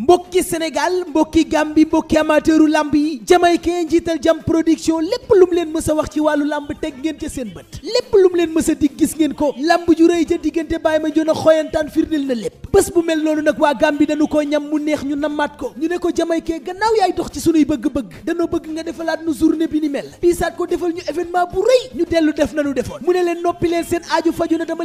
mbokki Sénégal mbokki Gambie mbokki amateuru lamb yi jamaïcain njiital jam production lépp lum leen mës a wax ci wàllu lamb teg ngeen ca seen bët lépp lum leen mës a dig gis ngeen ko lamb ju rëy ca diggante bàyyi ma jon xoyantaan firndil na lépp bés bu mel noonu nag waa Gambie dañu koo ñam mu neex ñu namaat ko ñu ne ko jamaïcain gannaaw yaay dox ci sunuy bëgg-bëgg danoo bëgg nga defalaat nu journée bi ni mel piisaat ko defal ñu événement bu rëy ñu dellu def nanu defoon mu ne leen noppi leen seen aaju faju na dama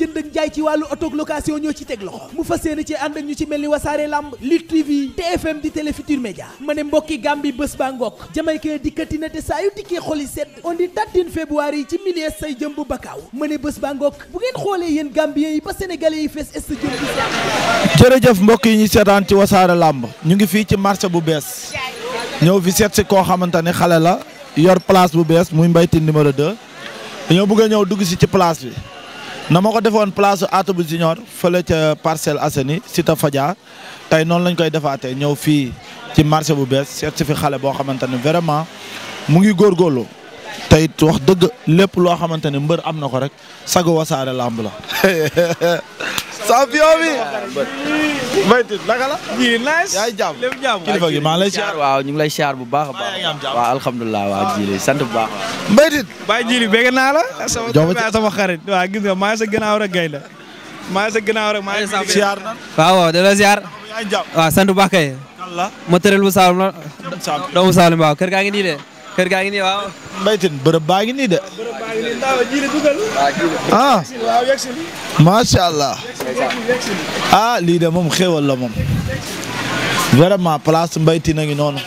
jënd ak jaay ci wàllu auto location ñoo ci teg loxo mu fas yéene ci ànd ak ñu ci mel ni wasaare lamb lit TV TFM di Télé Futurs ma ne mbokki Gambie bés ba ngokk jamaykee dikkati na te saa yu dikkee xoli sedd on di date février yi ci miliers say jëm bu bakkaaw ma ne bés ba ngokk bu ngeen xoolee yéen Gambien yi ba Sénégalais yi fees est jëm bi jërëjëf mbokk yi ñu seetaan ci wasaare làmb ñu ngi fii ci marché bu bees ñëw fi seet si koo xamante ne xale la yor place bu bees muy Mbaye Tine numéro 2 dañoo a ñëw dugg si ci place bi na ma ko defoon place Atou bu Junior fële ca Parcelles Assainies Cité Fadia tey noonu lañ koy defaatee ñëw fii ci marché bu bees seet fi xale boo xamante ne vraiment mu ngi góorgóorlu tey it wax dëgg lépp loo xamante ne mbër am na ko rek sagu Wassare Lamb la. champion bi. Mbaytin naka la. ñii maa ngi lay siyaar waaw ñu ngi lay siyaar bu baax a baax. waaw alhamdulilah waa jiili sant bu baax. Mbaytin. waa jiili bëgg naa la. Ah, sama xarit waa gis maa ngi sa gannaaw maa ngi sa maa ngi sa siyaar. waaw waaw delloo siyaar. bu baax kay. kan la ma tëral bu Saalum la. doomu Saalum waaw kër gaa ngi nii de. kër gaa ngi nii waaw. mbaytin bërëb baa ngi nii de. ah. macha allah. ah lii de moom xéwal la moom. vraiment place mbaytin a ngi noonu.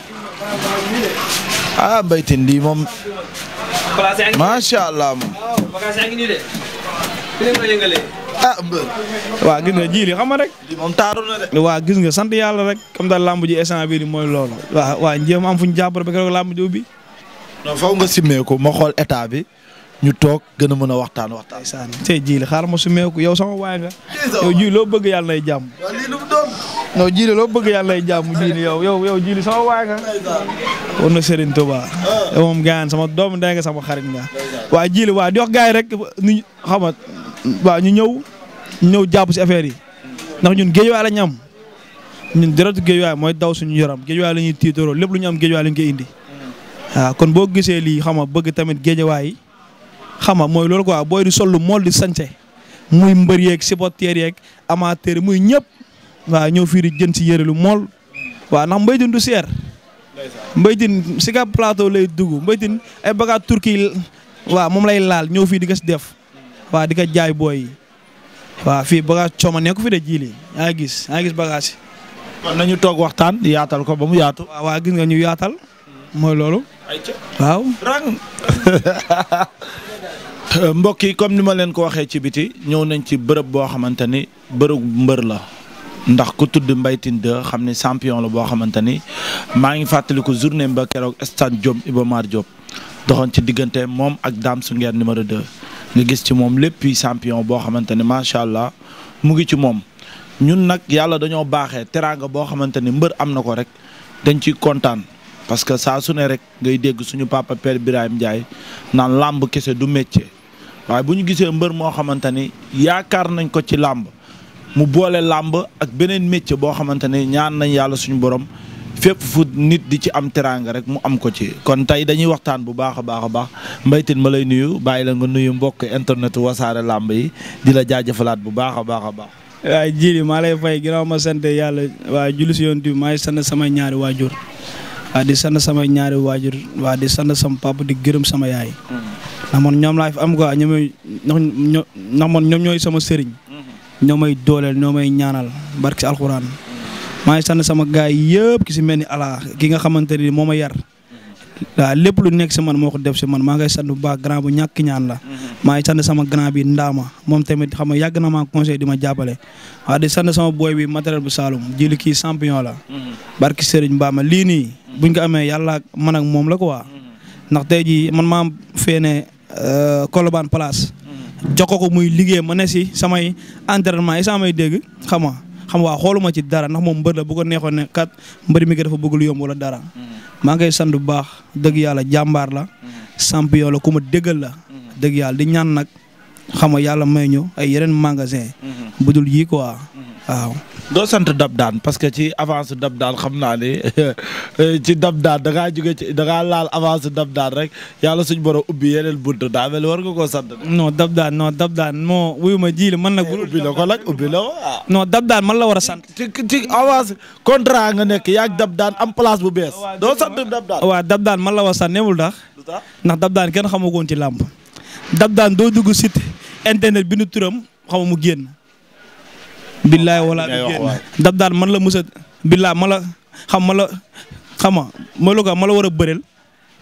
ah mbaytin lii moom. macha allah moom. ah mbër. waa gis nga jiili xam nga rek. moom taaru na de. waa gis nga sant yàlla rek comme daal lamb ji instant bii nii mooy loolu. waa waa njéem am fu ñu jàpp rek ba keroog lamb ji ubbi. non faw nga simmeeku ma xool état bi ñu toog gën a mën a waxtaan waxtaan. tey see la xaaral ma simmeeku yow sama waay nga. yow jii loo bëgg yàlla nay jàmm. waaw mu doon. non jii loo bëgg yàlla nay jàmm jii yow yow yow jii sama waay nga. war na Serigne Touba. Ah. moom gaan sama doom ndey sama xarit nga. waa jii la waa di wax yi rek ni xam nga waa ñu ñëw ñu jàpp si affaire yi ndax ñun géejuwaay lañ am ñun dërët géejuwaay mooy daw suñu yaram géejuwaay la ñu tiitaroo lépp lu ñu am géejuwaay lañ koy indi Ah, kon boo gisee lii xam nga bëgg tamit géejawaay xam nga mooy loolu quoi booy di lu mol di sañse muy mbër yeeg supporter yeeg amateur muy ñëpp waaw ñëw fii di jën si yére lu mool waaw ndax mbay din du seer mbay din si ka plateau lay dugg ay bagaat turki waaw moom la laal ñëw fii di ko si def jaay boy waa waaw fii bagage cooma nekku fi de jii lii yaa ngi gis yaa ngi gis bagage yi. toog waxtaan yaatal ko ba mu yaatu. waaw waaw gis nga ñu yaatal mooy loolu. waaw rang euh, mbokk yi comme ni ma leen ko waxee ci biti ñëw nañ ci bërëb boo xamante ni bërëb mbër la ndax ku tudd mbaytin Tine xam ne champion la boo xamante ni maa ngi fàttaliku journée ba keroog stade Diop Iba Mar Diop ci diggante moom ak daam su Sungeer numéro 2 nga gis ci moom lépp champion boo xamante ni macha allah mu ngi ci moom ñun nag yàlla dañoo baaxee teraanga boo xamante ni mbër am na ko rek dañ ci kontaan. parce que saa su ne rek ngay dégg suñu papa père Birahim Ndiaye naan làmb kese du métier waaye bu ñu gisee mbër moo xamante ni yaakaar nañ ko ci làmb mu boole làmb ak beneen métier boo xamante ne ñaan nañ yàlla suñu borom fépp fu nit di ci am teraanga rek mu am ko ci kon tey dañuy waxtaan bu baax a baax a baax mbaytin ma lay nuyu bàyyi la nga nuyu mbokk internet wasaare làmb yi di la jaajëfalaat bu baax a baax a baax. waaye jii maa lay fay ginnaaw yàlla waa julli si yoon bi maa ngi ñaari waajur waa di sant sama ñaari waajur waa di sant sama papa di gërëm sama yaay. ndax man ñoom laa fi am quoi ñoom ñoo ndax man ñoom sama sëriñ. ñoo may dooleel ñoo may ñaanal barki si alxuraan. maa ngi sant sama gaay yëpp ki si mel ni ala ki nga xamante ni moo ma yar. waaw lépp lu nekk si man moo ko def si man maa ngay sant bu baax grand bu ñàkk ñaan la. Mm-hmm. maa ngi sant sama grand bi Ndaama moom tamit xam nga yàgg na maa conseil di ma jàppale. waaw di sant sama boy bi matériel bu Saloum jili kii champion la. Mm-hmm. barki Serigne Mbama lii nii. buñ ko amee yàlla man ak moom la quoi. Mm-hmm. ndax tey jii man maa fee ne euh, Colobane place. ko muy liggéey ma ne si samay entraînement yi samay dégg xam xam waa xooluma ci dara na moom mbër la bu ko neexoon ne kat mbër mi ko dafa bëgg lu yomb wala dara. Mm-hmm. maa ngi koy bu baax dëgg yàlla jàmbaar la. Mm-hmm. champion la ku ma dëggal la. Mm-hmm. dëgg yàlla di ñaan nag xam nga yàlla may ñu ay yeneen magasin. budul yii quoi waaw. doo sant dab daan parce que ci avance dab daan xam naa ni ci dab daan da ngaa jóge ci da ngaa laal avance dab daan rek yàlla suñ boro ubbi yeneen bunt daa mel war nga koo sant. non dab daan non dab daan ma ji la man nag. ubbi ko nag ubbi la ko non dab daan man la war a sant. ci ci avance contrat nga nekk yaa dab daan am place bu bees. doo sant dab daan waaw dab daan man la war a sant wul ndax. ndax dab daan kenn xamagoon ci làmb. dab daan doo dugg site internet bi nu turam xamu mu génn. billaay wala bi génn dab daan man la mësa billaay ma la xam ma la xama ma lu ko war a bëreel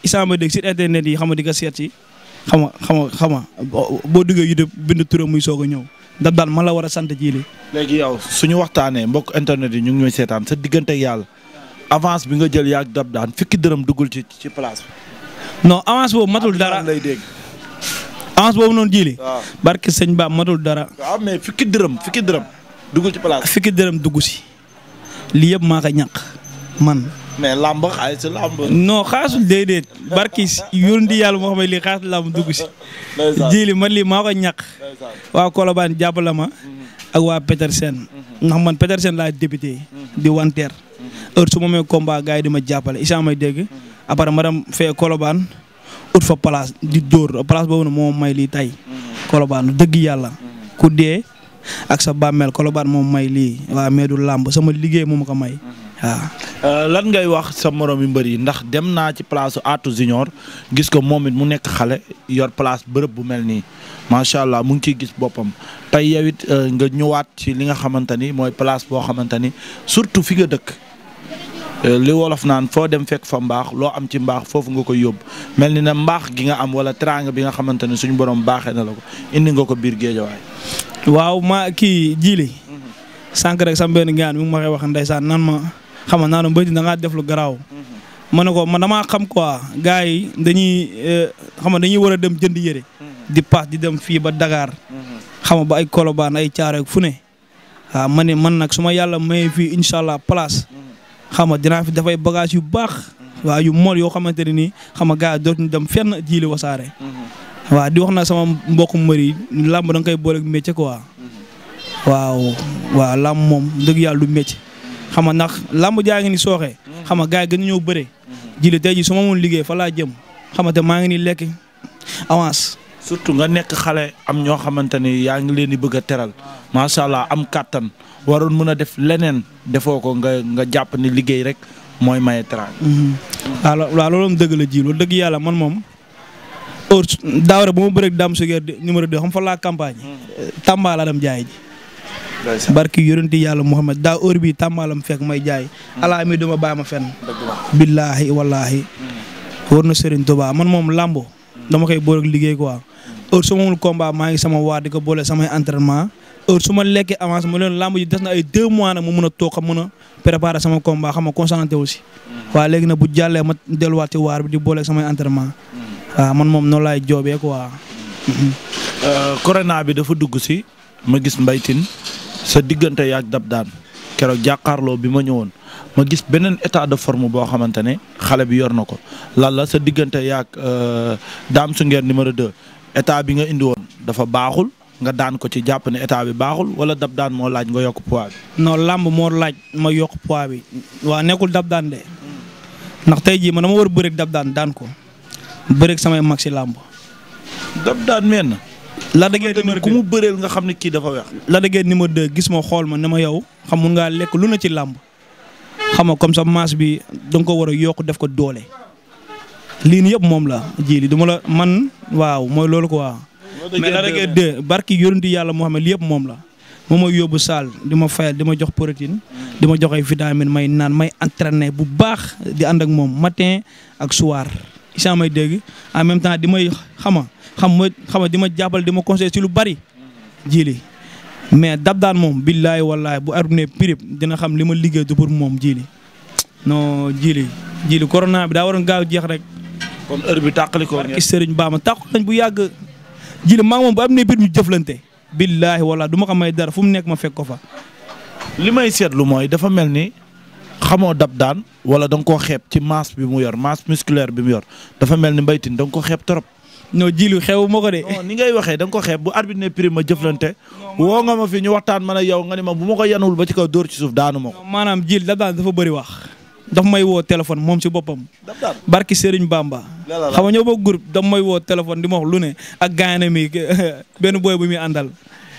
isaamba dégg si internet yi xama di ko seet si xama xama xama boo duggee YouTube bind turam muy soog a ñëw dab daan ma la war a sant jiili léegi yow suñu waxtaanee mbokk internet yi ñu ngi ñooy seetaan sa diggante yàlla avance bi nga jël yaa dab daan fukki dërëm duggul ci ci place bi non avance boobu matul dara lay dégg avance boobu noonu jiili barke sëñ Ba matul dara waaw mais fukki dërëm fukki dërëm duggul ci place fikki dërëm dugg si. lii yëpp maa ko ñàkk man. mais làmb xaalis làmb. non xaasul déedéet yàlla moo xam ne lii xaalis làmb dugg si. jiili ma lii maa ko ñàkk. waa Colobane jàppale ma. Mhm. ak waa Petersen. Mhm. ndax man Petersen laa débuté. Mhm. di wanteer. heure su ma may combat yi di ma jàppale isa may dégg. après ma dem fee Colobane ut fa place di dóor place boobu nag moo may lii tay Colobane dëgg yàlla. ku dee. ak sa bàmmeel Colobane moom may lii waa mais du làmb sama liggéey moom ko may waaw. Euh, lan ngay wax sa morom yu mbëri yi ndax dem naa ci place Atou Junior gis ko moom it mu nekk xale yor place bërëb bu mel nii macha allah mu ngi ciy gis boppam tey yow it euh, nga ñëwaat ci li nga xamante ni mooy place boo xamante ni surtout fi nga dëkk. Euh, li wolof naan foo dem fekk fa mbaax loo am ci mbaax foofu nga koy yóbbu mel ni na mbaax gi nga am wala teraanga bi nga xamante ne suñu borom baaxe na la ko indi nga ko biir géejawaay. waaw ma kii jiile mhm. sànq rek sa benn ngaan mu ma koy wax ndeysaan nan ma xam naa ne mbëy da ngaa def lu garaaw. Mhm. ma ne ko man damaa xam quoi gars yi dañuy euh, xam nga dañuy war a dem jënd yére. Mhm. di paas di dem fii ba Dakar. xam nga ba ay Colobane ay Thiaroye fu ne. waaw ah, man nag suma yàlla mayee fii incha allah place. xam nga dinaa fi dafay bagage yu baax. waa yu mol yoo xamante ne nii xam nga gars dootuñu dem fenn jiili wasaare. Mhm. waaw di wax na sama mbokku mbër yi làmb da nga koy booleeg métier quoi. Mhm. waaw waaw moom dëgg yàlla du métier. xam nga ndax làmb jaa ngi ni sooxee. Mhm. xam nga gars yi gën ñëw bëre. jiili tey jii su ma mun liggéey fa laa jëm. xam nga te maa ngi ni lekk avance. surtout nga nekk xale am ñoo xamante ne yaa ngi leen di bëgg a teral macha allah am kattan. waroon mën a def leneen defoo ko nga nga jàpp ni liggéey rek mooy maye teraanga. Mm-hmm. waaw waaw loolu dëgg la ji loolu dëgg yàlla man moom. heure daaw rek ba ma bëreeg Dame Suguer numéro 2 xam fa laa campagne. Mm. Tamba jaay ji. barki yonenti yàlla Muhammad daa heure bii Tamba la fekk may jaay. Mm. ala mi duma bàyyi ma fenn. billaahi wallaahi. Mm. war na Serigne Touba man moom Lambo. dama koy boole liggéey quoi. heure su ma amul combat maa ngi sama waar di ko boole samay entraînement. heure su ma lekkee avance ma leen làmb ji des na ay deux mois nag mu mun a toog xam mën a préparer sama combat xam ma concentré aussi. Mm. waa léegi nag bu jàllee ma delluwaat waar bi di booleeg samay entraînement. Mm. waaw man moom noonu laay joobee ko quoi. Mm. Euh, corona bi dafa dugg si ma gis mbaytin sa diggante yaag dab daan keroog jàkkaarloo bi ma ñëwoon ma gis beneen état de forme boo xamante ne xale bi yor na ko lan la sa diggante yaag euh, Dame Souguer numéro 2 état bi nga indi woon dafa baaxul. nga daan ko ci jàpp ne état bi baaxul wala dab daan moo laaj nga yokk poids bi. non làmb moo laaj ma yokk poids bi waa nekkul dab daan de ndax tey jii man dama war a bëreeg dab daan daan ko bëreeg samay mag si làmb. dab daan meen. la dëggee numéro ku mu bëreel nga xam ne kii dafa weex. la ni ma 2 gis ma xool ma ne ma yow xam mun ngaa lekk lu na ci làmb xam nga comme sa masse bi danga ko war a yokk def ko doole liin nii yëpp moom la ji li du la man waaw mooy loolu quoi. mais Lac de Guiers 2 barki yonentu yàlla Muhammad li yëpp moom la moom mooy yóbbu saal di ma fayal di ma jox protéine di ma jox ay vitamine may naan may entraîner bu baax di ànd ak moom matin ak soir isa may dégg en même di may xama xam ma xama di ma jàppale di ma conseil ci lu bari jili mais dab daan moom billaay wallaay bu arbu ne pirip dina xam li ma liggéey du pour moom jili non jili jili corona bi daa waroon gaaw jeex rek kon heure bi ma tàqu jili maa moom bu am ne biir ñu jëflante billaahi wala du ma ko may dara fu mu nekk ma fekko fa li may seetlu mooy dafa mel ni xamoo dab daan wala da nga koo xeeb ci masse bi mu yor masse musculaire bi mu yor dafa mel ni Mbaye Tine da ko xeeb trop non jilu xew ma ko de ni ngay waxee da ko xeeb bu arbitre ne prime ma jëflante woo nga ma fi ñu waxtaan man a yow nga ne ma bu ma ko wul ba ci kaw dóor ci suuf daan ma ko maanaam jil dab daan dafa bëri wax daf may woo téléphone moom si boppam. barki Serigne Bamba. xam nga ñoo bokk groupe daf may woo téléphone di ma lu ne ak gaynde mi benn booy bu muy àndal.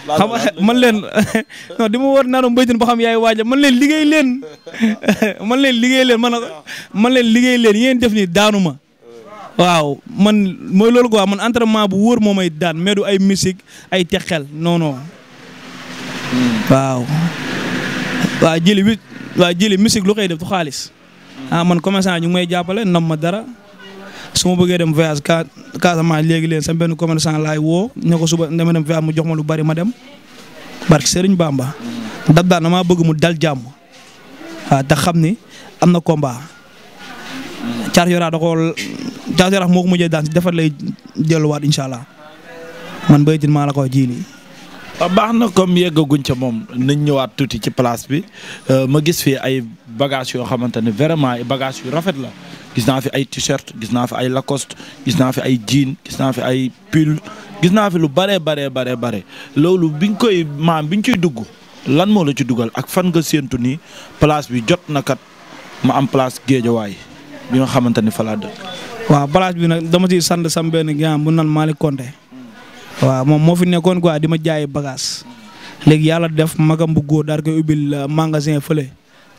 xam man leen non di ma woo naanoo mbéytin ba xam yaay waaja man leen liggéey leen man leen liggéey leen man ma leen liggéey leen yéen def nii daanu ma. waaw man mooy loolu bu wóor moo may daan mais du ay musique ay texel non non. Hmm. waaw. waa jëli wi waa lu koy def du xaalis. ah man commerçant ñu ngi may jàppale nam ma dara su ma bëggee dem voyage ka Casamance léegi leen sa benn commerçant laay woo ña ko suba dama dem voyage mu jox ma lu bari ma dem barke seriñ Bamba dab daan damaa bëgg mu dal jàmm waaw ah, xam ni am na combat Caar Yora da ko Caar Yora moo ko mujjee daan si defar lay delluwaat incha allah man béykat maa la ko jiili Ah, baax na comme yeggaguñ ca moom nañ ñëwaat tuuti ci place bi euh, ma gis fi ay bagages yoo xamante ne vraiment ay bagages yu rafet la gis naa fi ay t-shirt gis naa fi ay Lacoste gis naa fi ay jiin gis naa fi ay pil gis naa fi lu bare bare bare bare loolu bi nga koy maam bi ñu ciy dugg lan moo la ci dugal ak fan nga séentu nii place bi jot na kat ma am place géejawaay bi nga xamante ni fa laa bi nag dama ciy sant sam benn gars bu nan Malick waaw moom moo fi nekkoon quoi di ma jaay bagage léegi yàlla def magam bu góor daal koy ubbil euh, magasin fële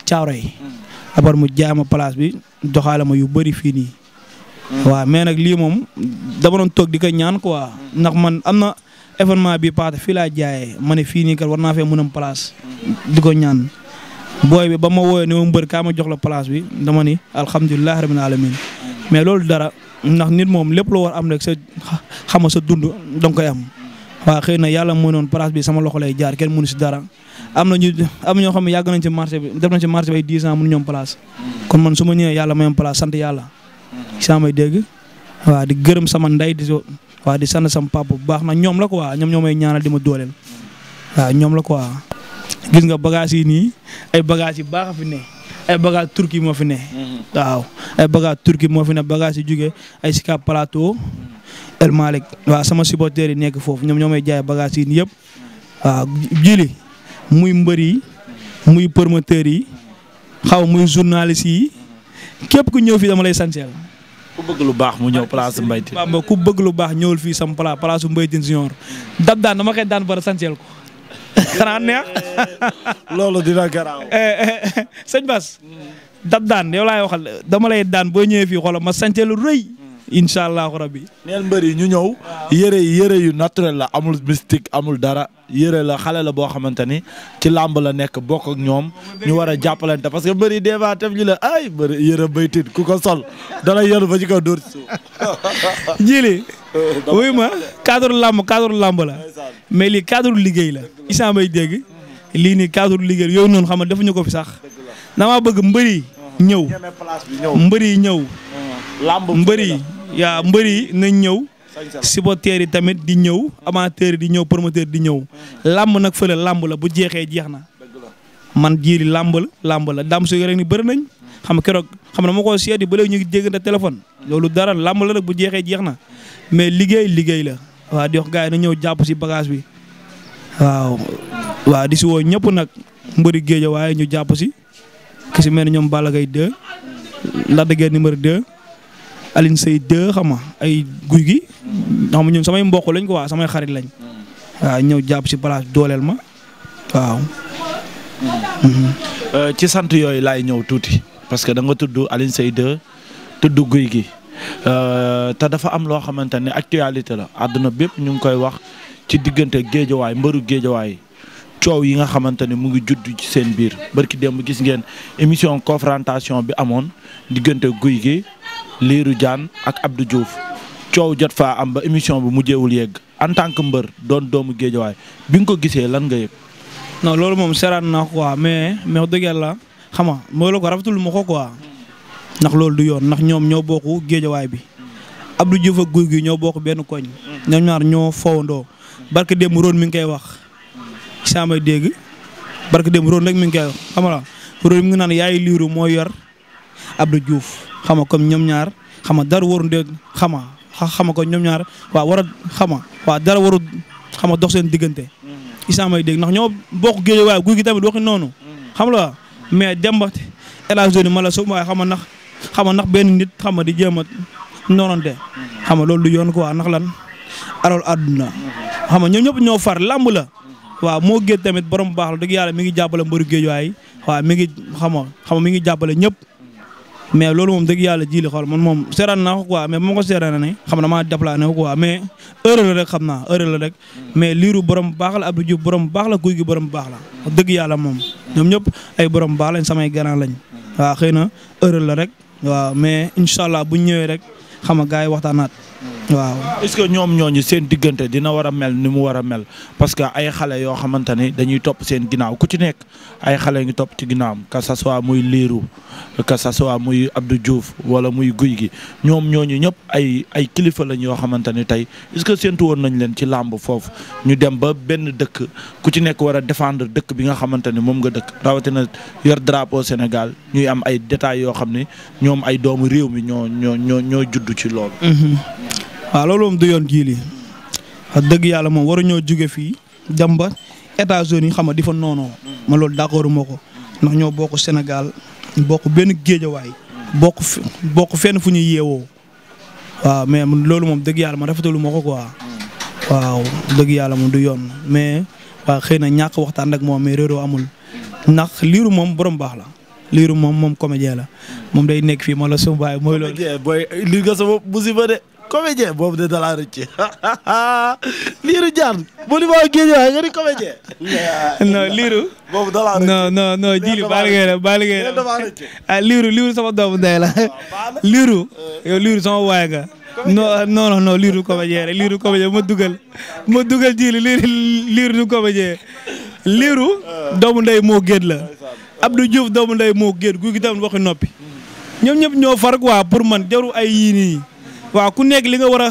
caaro yi mm. après mu jaay ma place bi doxaale ma yu bëri fii nii. Mm. waaw mais nag lii moom dama doon toog di ko ñaan quoi mm. ndax man am na événement bi paase fii laa jaayee ma ne fii nii kat naa fee mën am place. di ko ñaan booy bi ba ma woowee ne ma mbër kaa ma jox la place bi dama ni alhamdulilah rabbil alamin mais loolu dara. ndax nit moom lépp lu war am rek sa xama sa dund danga am waa xëy na yàlla moo noonu place bi sama loxo lay jaar kenn mënu si dara am na ñu am ñoo xam yàgg nañ ci marché bi def nañ ci marché bi ay 10 ans mënu ñoom place kon man su ma ñëwee yàlla ma yem sant yàlla saa may dégg waaw di gërëm sama ndey di so waa di sant sama papa bu baax na ñoom la ko waa ñoom ñoo may ñaanal di ma dooleel waaw ñoom la ko waa gis nga bagage yi nii ay bagage yu baax fi ne ay bagage turki moo fi ne. Mhm. waaw ay bagage turki moo fi ne bagage yu jugee ay Sika Plateau. Mhm. El Malick waaw sama supporters yi nekk foofu ñoom ñoo may jaay bagage yi yëpp. waaw jili muy mbër yi muy promoteurs yi xaw muy journalistes yi képp ku ñëw fii dama lay sanseel ku bëgg lu baax mu ñëw place Mbaye Tine. ku bëgg lu baax ñëwul fii sama place place Mbaye Tine Junior dab daan dama koy daan bara sanseel ko. xanaa neex. loolu dina garaaw. Eh, eh, eh, sëñ Bas. dab daan yow laay waxal dama lay daan boo ñëwee fii xoolal ma sànce lu rëy. incha allahu rabbi neen mbër yi ñu ñëw. yëre yi yëre yu naturel la amul mystique amul dara yëre la xale la boo xamante ni ci làmb la nekk bokk ak ñoom ñu war a jàppalante parce que mbër yi des fois tam ñu la ay mbër yëre baytin ku ko sol dana yëru fa ci kaw dóor ci suuf. jiili. wuy ma cadre làmb cadre làmb la. mais lii cadre liggéey la. isaan bay dégg. lii nii cadre liggéey yooyu noonu xam nga defuñu ko fi sax. damaa bëgg mbër yi ñëw mbër yi ñëw. làmb mbër yi yaa mbër yi nañ ñëw. supporters yi tamit di ñëw amateurs yi di ñëw promoteur di ñëw. làmb nag fële làmb la bu jeexee jeex na. man jiiri làmb la làmb la daam su rek ni bëri nañ. xam nga keroog xam na ma ko seeti ba léegi ñu ngi déggante téléphone. loolu dara làmb la nag bu jeexee jeex na. mais liggéey liggéey la. waaw di wax gars na ñëw jàpp si bagage bi. waaw di si woo ñëpp nag mbëri géej waaye ñu jàpp si. ki si mel ni ñoom Balla Gaye 2. Lac de Guiers numéro Alioune Seye 2 xam ay guy gi. xam nga ñun samay mbokk lañ ko waa samay xarit lañ. waaw ñëw jàpp si place dooleel ma waaw. Euh, ci sant yooyu laay ñëw tuuti parce que da nga tudd Alioune Seye 2 tudd guy gi euh, te dafa am loo xamante ne actualité la àdduna bépp ñu ngi koy wax ci diggante géejawaay mbëru géejawaay coow yi nga xamante ne mu ngi judd ci seen biir barki démb gis ngeen émission confrontation bi amoon diggante guy gi. liiru Diane ak abdu Diouf coow jot fa am ba émission bi mujjeewul yegg en tant que mbër doon doomu géejawaay bi nga ko gisee lan nga yëg. non loolu moom seraan na ko quoi mais mais wax dëgg yàlla xam nga mooy la ko rafetlu ma ko quoi ndax loolu du yoon ndax ñoom ñoo bokk géejawaay bi Abdou Diouf ak guy gi ñoo bokk benn koñ. ñoom ñaar ñoo fowandoo barke démb roon mi ngi koy wax saa may dégg barke démb roon rek mi ngi koy wax xam nga roon mi ngi naan yaay liiru moo yor Abdou Diouf. xama comme ñoom ñaar xama dara waru dégg xama xama ko ñoom ñaar waaw war a waaw dara waru xama dox seen diggante mm-hmm. isa may dégg ndax ñoo bokk géej waaye guy gi tamit waxi noonu mm-hmm. xam la mais demba élhage ma la su waaye xama nax xama nax benn nit xama di jéem a noonante mm-hmm. xama loolu du yoon quoi nax lan alal àdduna xama ñoom ñëpp ñoo far làmb la waaw moo géej tamit borom baax la dëgg yàlla mi ngi jàppale mbaru géej waay waaw mi ngi xama mi ngi jàppale ñëpp mais loolu moom dëgg yàlla jiili xool man moom seeraan naa ko quoi mais bu ma ko seeraanee xam na maa déplané ko mais heure rek xam na heure la rek mais liiru borom baax la Abdou Diouf borom baax la guy gi borom baax la wax dëgg yàlla moom ñoom ñëpp ay borom baax lañ samay garant lañ waaw xëy na heure la rek waaw mais incha allah bu ñëwee rek xama nga gars yi waxtaanaat waaw est-ce que ñoom ñooñu seen diggante dina war mel ni mu war a mel parce que ay xale yoo xamante ni dañuy topp seen ginnaaw ku ci nekk ay xale ngi topp ci ginnaawam que ça muy Lirou que ça soit muy Abdou juuf wala muy Guy gi ñoom ñooñu ñëpp ay ay kilifa lañ yoo xamante ni tey est-ce que séntu woon nañ leen ci làmb foofu ñu dem ba benn dëkk ku ci nekk war a défendre dëkk bi nga xamante ni moom nga dëkk rawatina yor drapeau Sénégal ñuy am ay détails yoo xam ne ñoom ay doomu réew mi ñoo ñoo ñoo ñoo judd ci loolu. Mm-hmm. waa loolu moom du yoon jiili wax dëgg yàlla moom war waruñoo jóge fii dem ba États-Unis xam nga di fa noonoo ma loolu d'accord moo ko ndax ñoo bokk Sénégal bokk benn géejawaay bokk bokk fenn fu ñuy yewoo waaw mais loolu moom dëgg yàlla ma rafetalu ma ko quoi waaw dëgg yàlla moom du yoon mais waaw xëy na ñàkk waxtaan ak moom mais réeroo amul ndax liiru moom borom baax la liiru moom moom comédien moom day nekk fii ma la sumbaay mooy loolu. booy li nga sama musiba de. comédien boobu de dalaa rëcc liiru jaan bu li maa waaye nga di comédien liiru boobu dalaa baal ngay ah, liiru liiru sama doomu ndey la ah, liiru eh. yow liiru sama waay nga ah, non liiru comédien rek liiru comédien ma dugal ma dugal jili liiru liiru du comédien liiru eh. doomu ndey moo géej la Abdou Diouf doomu ndey moo géej gu gi tam waxi noppi ñoom ñëpp ñoo far quoi man jaru ay waaw ku nekk li nga war a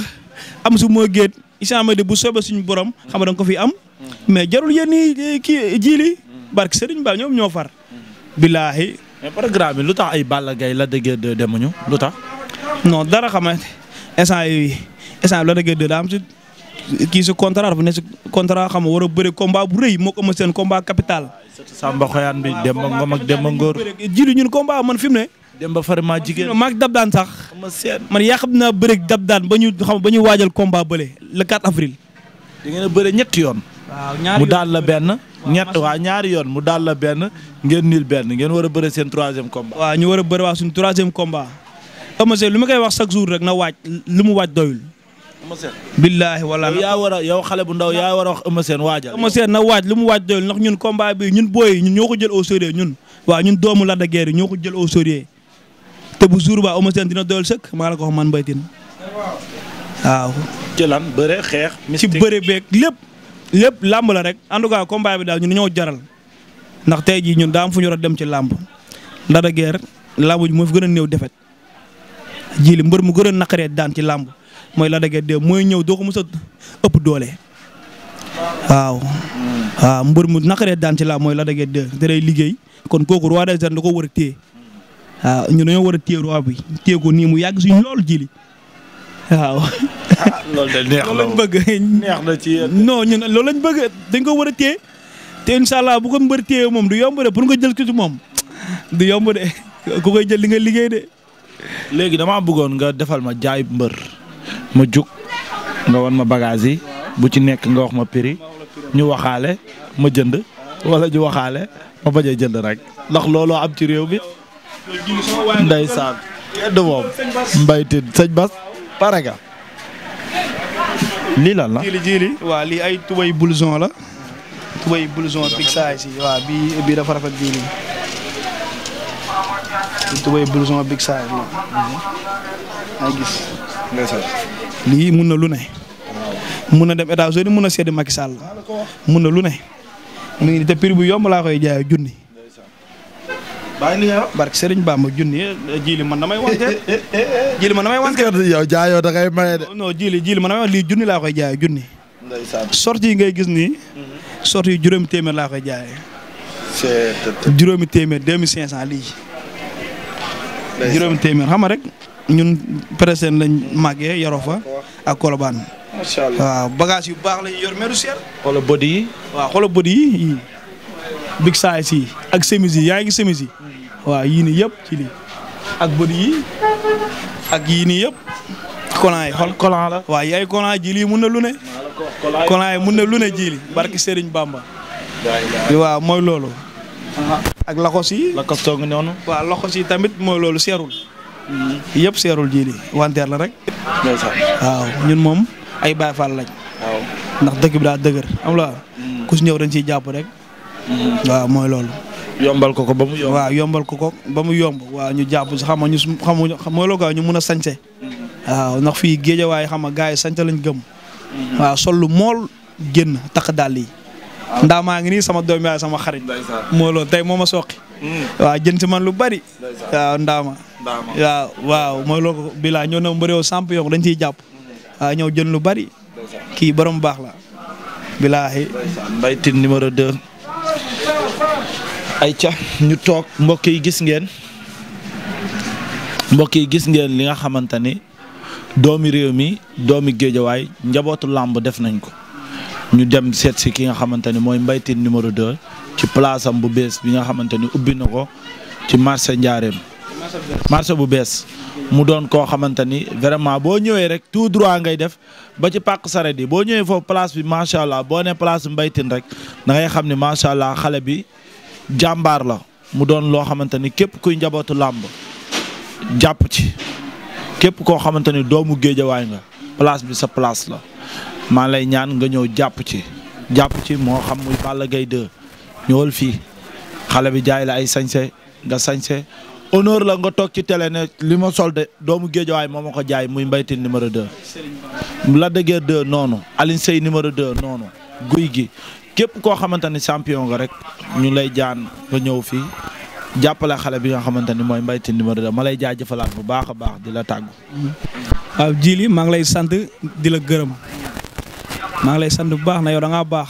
am su moo géet Issa Amady bu soobee suñu borom xam nga da nga ko fi am mais jarul yéen ñii eh, kii eh, jiili barke Serigne Ba ñoom ñoo far. billaahi. mais programme bi lu tax ay Balla Gaye la dëggee de demuñu lu tax. dara xam nga instant yii instant la dëggee de daa am si kii si contrat dafa ne si xam nga war a bëri combat bu rëy moo ko am seen combat capital. Samba Xoyaan bi Demba Ngom ak Demba Ngor. jiili ñun combat man fi mu ne. dem ba far maa jigéen maag dab daan sax. ma seen man yàqab naa bëreeg dab daan ba ñu xam ba ñu waajal combat bële le 4 avril. di bëre ñetti yoon. waaw ñaari yoon mu daal la benn. ñett waa ñaari yoon mu daal la benn ngeen niil benn ngeen war a bëre seen troisième combat. waaw ñu war a waa suñu troisième combat. Eumeu ma koy wax chaque jour rek na waaj lu mu waaj doyul. Eumeu Sène. wala war a yow xale bu ndaw yaa war a wax Eumeu Sène waajal. Eumeu na waaj lu mu waaj doyul ndax ñun combat bi ñun booy ñun ñoo ko jël au ñun. waaw ñun doomu Lac de Guiers ñoo ko jël au sérieux te bu jour ba Eumeu Sène dina doyal sëkk maa la ko wax man Mbaye Tine waaw. ci lan bëre xeex. ci bëre lépp. lépp làmb la rek en tout cas combat bi daal ñun ñoo jaral ndax tey jii ñun daa am fu ñu a dem ci làmb Lac de Guiers ji moo fi gën a néew defet ji li mbër mu gën a naqaree daan ci làmb mooy Lac de Guiers de mooy ñëw doo ko mos ëpp doole. waaw hmm. waaw mbër mu naqaree daan ci làmb mooy Lac de liggéey kon kooku roi des arènes da ko war a téye waaw ah, ñu dañoo war a téye roi bi ko nii mu yàgg suñu loolu jili waaw. Ah, loolu de neex la bëgg neex na ci non ñun loolu lañ bëgg dañ ko war a téye te incha bu ko mbër téye moom du yomb de pour nga jël ko ci moom du yomb de ku koy jël li nga liggéey de. léegi damaa bëggoon nga defal ma jaay mbar ma jug nga wan ma bagage yi bu ci nekk nga wax ma prix ñu waxaale ma jënd wala ñu waxaale ma bañ a jënd rek ndax looloo am ci réew mi. ndeysaan yedd moom mbaytin sëñ Bas pare nga lii lan la jili jili waaw lii ay tubay blouson la tubay blouson big size yi waaw bii bii dafa rafet bii lii tubay blouson big size la mhm. ay gis ndeysaan lii mun na lu ne mun na dem états mun na seede Macky Sall mun na lu ne mu ngi ni te prix bu yomb laa koy jaay junni bàyyi li nga wax barke Serigne junni jiili man damay wante jiili man damay wante yow jaayoo da junni laa koy jaayee junni ndeysaan sorti yi ngay gis ni mhm. sorti yi juróomi téeméer laa koy jaayee juróomi téeméer deux mille cent lii juróomi téeméer xam nga rek ñun preseen lañ màggee yaroo ak Colobane macha allah waaw bagage yu baax lañ yor meeru seer xoolal body yi waaw ak chemise yi yaa ngi chemise yi waaw yii nii yëpp ci lii bët yi ak yii nii yëpp collant yi xool collant la waaw yi ay collant ji lii mun na lu ne yi mun na lu ne ji li barki Serigne Bamba waaw mooy loolu ak lakos yi lakos toog noonu waaw lakos yi tamit mooy loolu seerul yëpp seerul ji li wanteer la rek waaw ñun moom ay Baye Fall lañ ndax dëkk bi daa dëgër am la mm. ku ñëw dañ ciy jàpp rek mm. waaw mooy loolu yombal ko ko ba mu yomb waaw yombal ko ko ba mu yomb waaw ñu jàpp si xam nga ñu xamuñu mooy loo ñu mun a sañse waaw ndax fii géejawaay xam a gars yi sañse lañ gëm waaw sol lu mool génn takk dàll yi ndaa maa ngi nii sama doom yaay sama xarit moo loolu tey moo ma soqi hmm. waaw jën si man lu bari waaw ndaama waaw waaw mooy loo ko bilaa ñoo na mbëréew samp yokk dañ ciy jàpp waaw ñëw jën lu bari kii borom baax la bilaahi Mbaye Tine numéro 2 ay ca ñu toog mbokk yi gis ngeen mbokk yi gis ngeen li nga xamante ni doomi réew mi doomi géejawaay njabootu làmb def nañ ko ñu dem seet si ki nga xamante ni mooy mbaytin numéro 2 ci place bu bees bi nga xamante ni ubbi na ko ci marché njaareem marché bu bees mu doon koo xamante ni vraiment boo ñëwee rek tout droit ngay def ba ci pàq saret yi boo ñëwee foofu place bi macha allah boo ne place bi mbaytin rek da ngay xam ni macha allah xale bi jàmbaar la mu doon loo xamante ni képp kuy njabootu làmb jàpp ci képp koo xamante ni doomu géejawaay nga place bi sa place la maa lay ñaan nga ñëw jàpp ci jàpp ci moo xam muy Balla Gaye 2 ñëwal fii xale bi jaay la ay sañse nga sañse honneur la nga toog ci tele ne li ma sol de doomu géejawaay moo ma ko jaay muy mbaytin numéro 2 Lac de Guiers 2 noonu Alioune Seye numéro 2 noonu guy gi képp koo xamante ne champion nga rek ñu lay jaan nga ñëw fii jàppale xale bi nga xamante ni mooy Mbaye Tine numéro 2 ma lay jëfalaat bu baax a baax di la tàggu. waaw Djily maa ngi lay sant di la gërëm maa ngi lay sant bu baax na yow da baax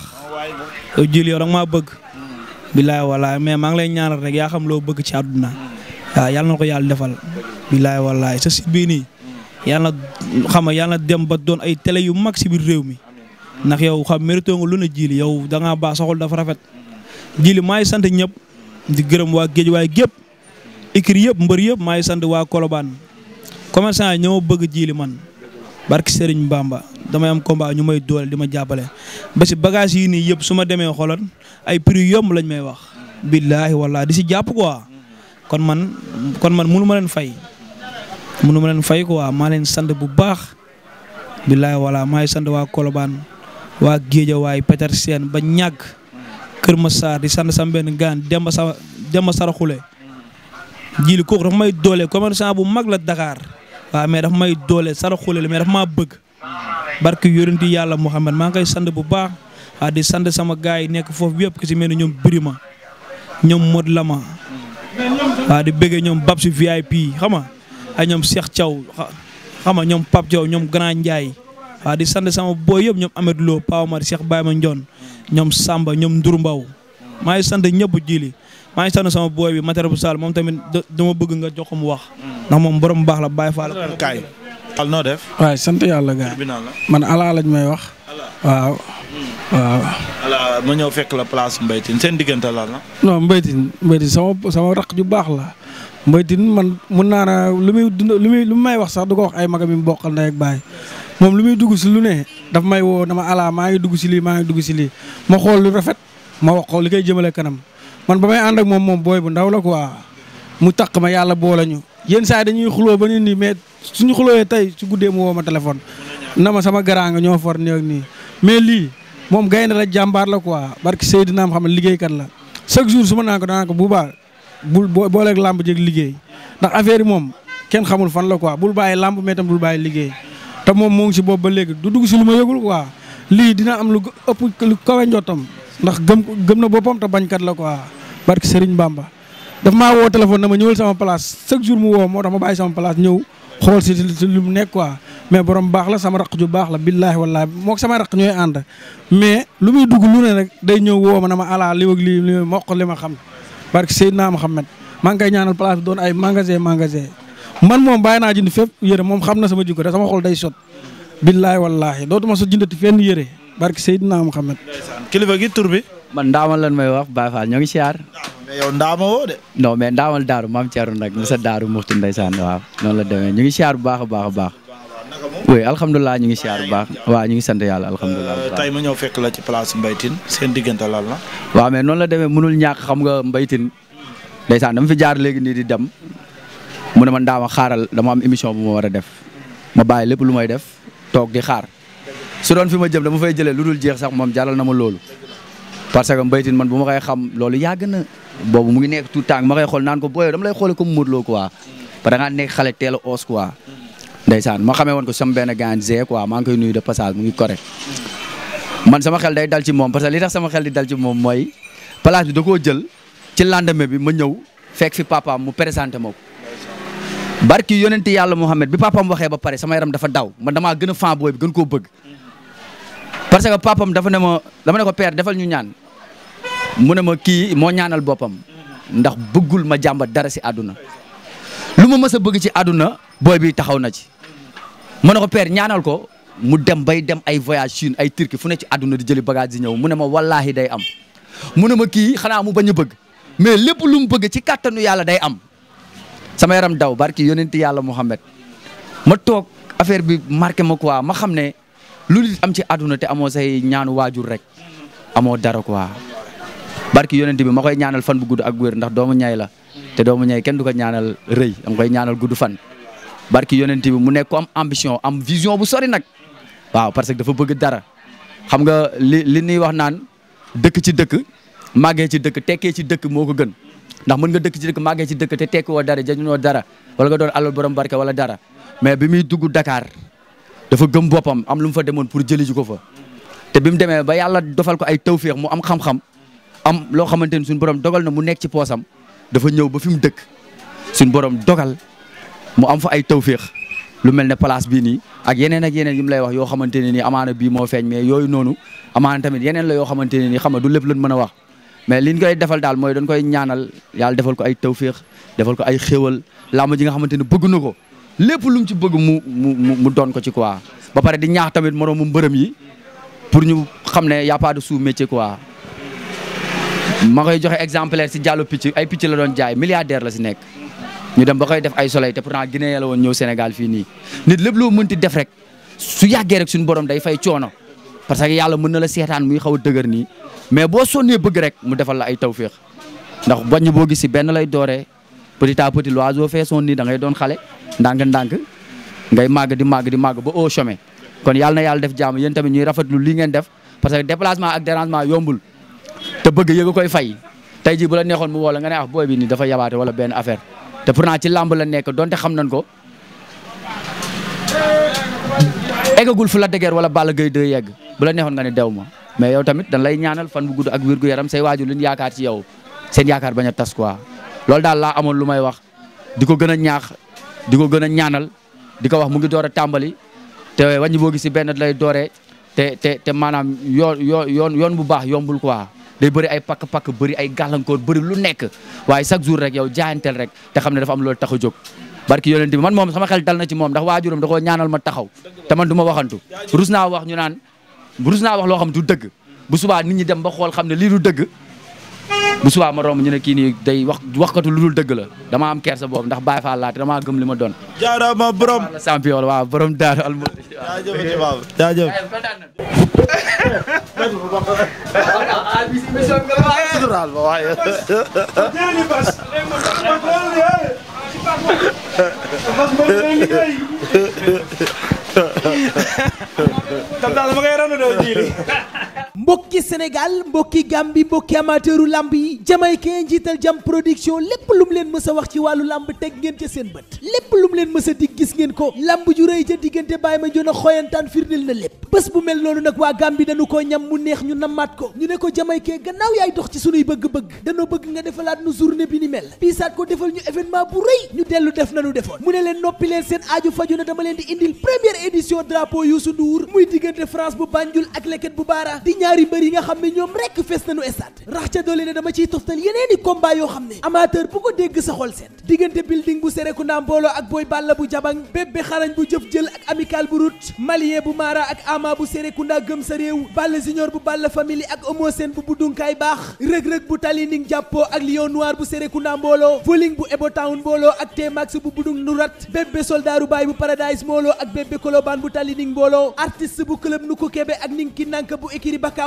yow Djily yow da nga maa bëgg. bilaay walaay mais maa ngi lay ñaanal rek yaa xam loo bëgg ci àdduna waaw na ko yàlla defal. bilaay walaay sa si bii nii yàlla xam nga yàlla dem ba doon ay télé yu mag si biir réew mi. ndax yow xam mérito nga lu ne jiili yow da ngaa baax dafa rafet jiili maa sant ñëpp di gërëm waa géej waay gépp ikri yëpp mbër yëpp maa ngi sant waa kolobaan commerçant yi ñoo bëgg jiili man barki Serigne mbamba dama am combat ñu may doole di ma jàppale ba si bagage yi nii yëpp su ma demee xooloon ay prix yomb lañ may wax billaahi wallaahi di si jàpp quoi kon man kon man munu ma leen fay munu ma fay quoi maa leen sant bu baax billaahi wallaahi maa ngi sant waa kolobaan waa waay Géejawaay seen ba ñàgg Kër Massar di sant sama benn gaan Demba sa Demba Saraxule jiili kooku dafa may doole commerçant bu mag la Dakar waaw mais dafa may doole Saraxule la mais dafa maa bëgg barke yonent yàlla Muhammad maa ngi koy sand bu baax waa di sand sama gars yi nekk foofu yëpp ki si mel ni ñoom Birima ñoom Mod Lama waa di bëggee ñoom Babsi VIP xam nga ay ñoom Cheikh Thiaw xam ñoom Pape Thiaw ñoom Grand Ndiaye. waaw di sant sama booy yëpp ñoom Ameth Lo Paa Omar Cheikh Baye Ma Ndione ñoom sàmba ñoom Ndour Mbaw maa ngi sant ñëpp jili maa ngi sant sama booy bi matériel bu saal moom tamit dama bëgg nga jox ko mu wax ndax moom borom baax la Baye Fall kaay al noo def waaw sant yàlla gaay man ala lañ may wax waaw hmm. waaw ala ma ñëw fekk la place Mbaye seen diggante la la non Mbaye Tine Mbaye sama sama ju baax la Mbaye Tine man mun naa na lu muy dund lu muy lu may wax sax du ko wax ay magam yi mu bokkal ndey ak baay moom lu muy dugg si lu ne daf may woo dama ala maa ngi dugg si lii maa ngi dugg si lii ma xool lu rafet ma wax li kay jëmale kanam man ba may ànd ak moom moom booy bu ndaw la quoi mu taq ma yàlla boole ñu. yenn saa dañuy xuloo ba nit nii mais suñu xulooyee tey su guddee mu woo ma téléphone na ma sama garaanga ñoo for nii ak nii mais lii moom gaynde la jàmbaar la quoi barki Seydina am xam ne liggéeykat la chaque jour su ma naan ko bu baax bul booleeg làmb jëg liggéey ndax affaire yi moom kenn xamul fan la quoi bul bàyyi làmb mais tam bul bàyyi liggéey te moom moo ngi si boobu ba léegi du dugg si lu ma yëgul quoi lii dina am lu ëpp lu kawe njottam ndax gëm gëm na boppam te bañkat la ko quoi barki Serigne Bamba daf maa woo téléphone na ma ñëwal sama place chaque jour mu woo moo tax ma bàyyi sama place ñëw xool si lu mu nekk quoi mais borom baax la sama raq ju baax la billaahi wallaahi mook sama raq ñooy ànd mais lu muy dugg lu ne day ñëw woo ma na ma ala li wëg li li li ma xam barke Seydina Mohamed maa ngi koy ñaanal place bi doon ay magasin magasin man moom bàyyi naa jënd fépp yére moom xam na sama jikko rek sama xol day sot billaay wallaahi dootuma so jëndati fenn yére barke Seydina Mohamed. kilifa gi tur bi. man ndaamal lan may wax Baye Fall ñoo ngi siyaar. mais yow ndaama woo de. non mais ndaamal daaru maam Thierno nag monsieur Daaru Muxtu ndeysaan waaw noonu la demee ñu ngi siyaar bu baax a baax a baax. oui alhamdulilah ñu ngi siyaar bu baax waaw ñu ngi sant yàlla alhamdulilah. Euh, tey ma ñëw fekk la ci place Mbaye Tine seen la. waaw noonu la demee mënul ñàkk xam nga Mbaye Tine ndeysaan dama fi jaar léegi nii di dem mu ne man daa ma xaaral dama am émission bu ma war a def ma bàyyi lépp lu may def toog di xaar su doon fi ma jëm dama fay jëlee lu dul jeex sax moom jàllal na ma loolu. parce que Mbaye Tine man bu ma koy xam loolu yàgg na boobu mu ngi nekk tout temps ma koy xool naan ko booyoo dama lay xoolee comme Modou Lo quoi parce que nekk xale teel os quoi ndeysaan moo xamee woon ko sama benn gaan Zé quoi maa ngi koy nuyu de passage mu ngi correct man sama xel day dal ci moom parce que li tax sama xel di dal ci moom mooy place bi da koo jël ci lendemain bi ma ñëw fekk fi papaam mu présenté ma ko barki yonenti yàlla Mouhamed bi papaam waxee ba pare sama yaram dafa daw man damaa gën a fan gën koo bëgg parce que papam dafa ne ma dama ne ko père defal ñu ñaan mu ne ma kii moo ñaanal boppam ndax bëggul ma jàmbat dara si àdduna lu ma mës a bëgg ci àdduna booy bi taxaw na ci ma ne ko père ñaanal ko mu dem bay dem ay voyage Chine ay Turquie fu ne ci àdduna di jëli baga di ñëw mu ne ma wallaahi day am mu ne ma kii xanaa mu bañ a bëgg mais lépp lu mu bëgg ci kàttanu yàlla day am sama yaram daw barki yonenti yàlla Muhammad ma toog affaire bi marqué ma quoi ma xam ne lu nit am ci àdduna te amoo say ñaanu waajur rek amoo dara quoi barki yonenti bi ma koy ñaanal fan bu gudd ak wér ndax doomu ñay la te doomu ñay kenn du ko ñaanal rëy da nga koy ñaanal gudd fan barki yonent bi mu nekk ko am ambition am vision bu sori nag waaw parce que dafa bëgg dara xam nga li li wax naan dëkk ci dëkk màggee ci dëkk tekkee ci dëkk moo ko gën ndax mën nga dëkk ci dëkk màggee ci dëkk te tekki woo dara jañunoo dara wala nga doon alal borom barke wala dara mais bi muy dugg dakaar dafa gëm boppam am lu mu fa demoon pour jëli ji ko fa te bi mu demee ba yàlla dofal ko ay tawféex mu am xam-xam am loo xamante ni suñu borom dogal na mu nekk ci poosam dafa ñëw ba fi mu dëkk suñ borom dogal mu am fa ay tawféex lu mel ne place bii nii ak yeneen ak yeneen yi mu lay wax yoo xamante ne nii amaana bii moo feeñ mais yooyu noonu amaana tamit yeneen la yoo xamante ne nii xam nga du lépp lañ mën a wax mais liñ koy defal daal mooy dañ koy ñaanal yàlla defal ko ay tawféex defal ko ay xéewal làmb ji nga xamante ne bëgg na ko lépp lu ci bëgg mu mu mu doon ko ci quoi ba pare di ñaax tamit moroom mu mbërëm yi pour ñu xam ne y a pas quoi ma koy joxe exemplaire si jàllu picc ay picc la doon jaay milliardaire la si nekk ñu dem ba koy def ay soleil te pourtant Guinée la woon ñëw Sénégal fii nii nit lépp loo mënti def rek su yàggee rek suñu borom day fay coono parce que yàlla mën na la seetaan muy xaw a dëgër nii mais boo sonnee bëgg rek mu defal la ay tawféex ndax bañ boo gis si benn lay dooree petit à petit l'oiseau fait son nid da ngay doon xale ndànk-ndànk ngay màgg di màgg di màgg ba au chemin kon yàlla na yàlla def jàmm yéen tamit li ngeen def parce que déplacement ak dérangement yombul te bëgg yëg koy fay tey jii bu la neexoon mu woo nga ne ah booy bi ni dafa yabaate wala benn affaire te naa ci làmb la nekk donte xam nañ ko eggagul fu la deger wala bala gay 2 yegg bu la neexoon nga ne dew ma mais yow tamit dan lay ñaanal fan bu gudd ak wér gu yaram say waajur luñ yaakaar ci yow seen yaakaar bañ a tas quoi loolu daal laa amoon lu may wax di ko gën a ñaax di ko gën a ñaanal di ko wax mu ngi door tàmbali te wàññi boo gis si benn lay dooree te te te maanaam yoon yoon yoon bu baax yombul quoi. day bëri ay pakk-pakk bëri ay gàllankoor bëri lu nekk waaye chaque jour rek yow jaayanteel rek te xam ne dafa am loolu tax a jóg barki yonent bi man moom sama xel dal na ci moom ndax waajuram da koo ñaanal ma taxaw te man du ma waxantu rus naa wax loo xam du dëgg bu subaa nit ñi ba xool xam ne lii du dëgg bu subaa ma romb ñu ne kii nii day wax waxkatu lu dul dëgg la dama am kersa boobu ndax Baye Fall laa te damaa li ma doon. jaaraama borom champion waaw borom Daaru Almadi. jaajëf mbokki Sénégal mbokki Gambie mbokki amateuru lamb yi jamaïcain njiital jam production lépp lu mu leen mës a wax ci wàllu lamb teg ngeen ca seen bët lépp lu leen mës a dig gis ngeen ko lamb ju rëy ca diggante Baye Mandione xoyantaan firndeel na lépp bés bu mel noonu nag waa Gambie dañu ko ñam mu neex ñu namaat ko ñu ne ko jamaïcain gannaaw yaay dox ci sunuy bëgg-bëgg danoo bëgg nga defalaat nu journée bi ni mel piisaat ko defal ñu événement bu rëy ñu dellu def ñaari mbër yi nga xam ne ñoom rekk fees nañu stade rax ca doole ne dama ciy toftal yeneen combat yoo xam ne amateur bu ko dégg sa xol seet diggante building bu Serekunda mbooloo ak Boy Balla bu jabang bébbe xarañ bu jëf jël ak amical bu rut bu maara ak ama bu Serekunda gëm sa réew Balla junior bu Balla family ak Homo Sène bu buddunkaay baax rëg-rëg bu tali ning jàppoo ak lion noir bu Serekunda mbooloo voling bu Ebo mbooloo ak T-Max bu bu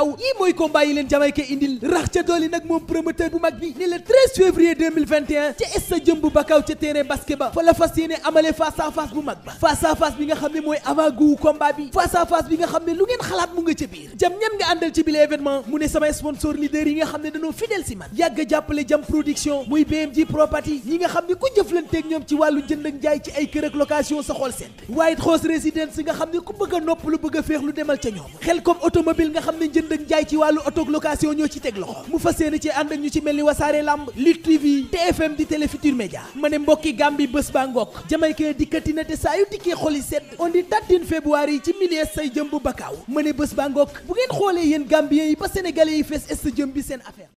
gaaw yii mooy combat yi leen Jamaïque indil rax ca dooli nag moom promoteur bu mag bi ni le 13 février 2021 ca stade Jëmbu Bakaaw ca terrain basket fa la fas yéene amale face à bu mag ba face à bi nga xam ne mooy avant goût combat bi face à bi nga xam ne lu ngeen xalaat mu nga ca biir jam ñan nga àndal ci bile événement mu ne samay sponsor leader yi nga xam ne dañoo fidèle si man yàgg jàppale jam production muy BMG property yi nga xam ne ku jëflanteeg ñoom jënd ak jaay ci wàllu auto location ñoo ci teg loxo mu fas yéene ci ànd ñu ci mel ni wasaare lamb Lutte TV TFM di Télé Futurs Médias ma ne mbokki Gambie bés ba ngokk jamaykee dikkati na te saa yu dikkee xoli sedd on di tattin février yi ci milies say jëm bu bakkaaw ma ne bés ba ngokk bu ngeen xoolee yéen Gambien yi ba Sénégalais yi fees est jëm bi seen affaire